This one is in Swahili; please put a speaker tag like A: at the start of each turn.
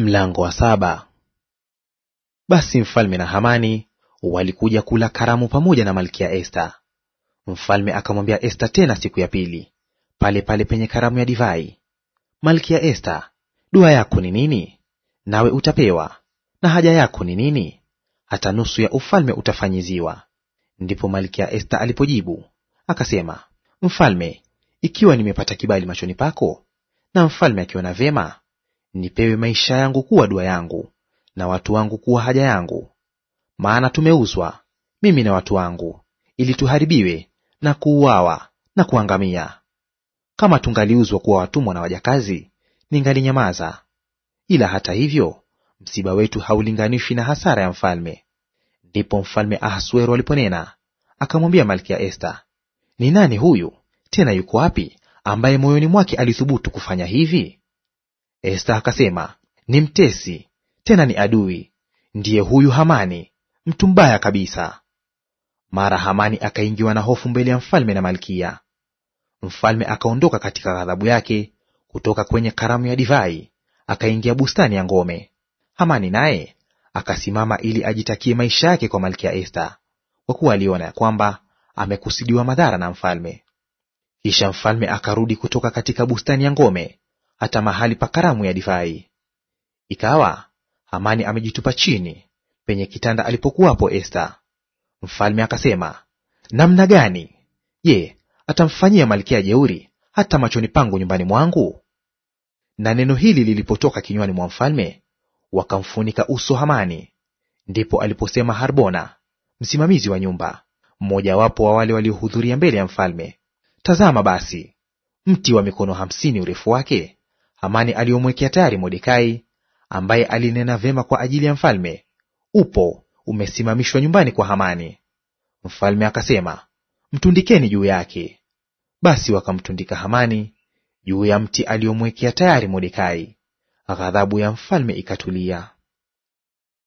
A: Mlango wa saba. Basi mfalme na Hamani walikuja kula karamu pamoja na Malkia Esta. Mfalme akamwambia Esta tena siku ya pili pale pale penye karamu ya divai, Malkia Esta, dua yako ni nini? Nawe utapewa. Na haja yako ni nini? Hata nusu ya ufalme utafanyiziwa. Ndipo Malkia Esta alipojibu akasema, Mfalme, ikiwa nimepata kibali machoni pako, na mfalme akiona vyema nipewe maisha yangu kuwa dua yangu, na watu wangu kuwa haja yangu. Maana tumeuzwa mimi na watu wangu, ili tuharibiwe na kuuawa na kuangamia. Kama tungaliuzwa kuwa watumwa na wajakazi, ningalinyamaza; ila hata hivyo msiba wetu haulinganishwi na hasara ya mfalme. Ndipo mfalme Ahasuero aliponena akamwambia malkia Esta, ni nani huyu tena yuko wapi, ambaye moyoni mwake alithubutu kufanya hivi? Esta akasema, ni mtesi tena ni adui, ndiye huyu Hamani, mtu mbaya kabisa. Mara Hamani akaingiwa na hofu mbele ya mfalme na malkia. Mfalme akaondoka katika ghadhabu yake kutoka kwenye karamu ya divai, akaingia bustani ya ngome. Hamani naye akasimama ili ajitakie maisha yake kwa malkia Esta, kwa kuwa aliona ya kwamba amekusudiwa madhara na mfalme. Kisha mfalme akarudi kutoka katika bustani ya ngome hata mahali pa karamu ya divai. Ikawa Hamani amejitupa chini penye kitanda alipokuwapo Esta. Mfalme akasema, namna gani? Je, atamfanyia malkia jeuri hata machoni pangu nyumbani mwangu? Na neno hili lilipotoka kinywani mwa mfalme, wakamfunika uso Hamani. Ndipo aliposema Harbona, msimamizi wa nyumba, mmojawapo wa wale waliohudhuria mbele ya mfalme, tazama basi, mti wa mikono hamsini urefu wake Hamani aliyomwekea tayari Mordekai, ambaye alinena vyema kwa ajili ya mfalme, upo umesimamishwa nyumbani kwa Hamani. Mfalme akasema, mtundikeni juu yake. Basi wakamtundika Hamani juu ya mti aliyomwekea tayari Mordekai. Ghadhabu ya mfalme ikatulia.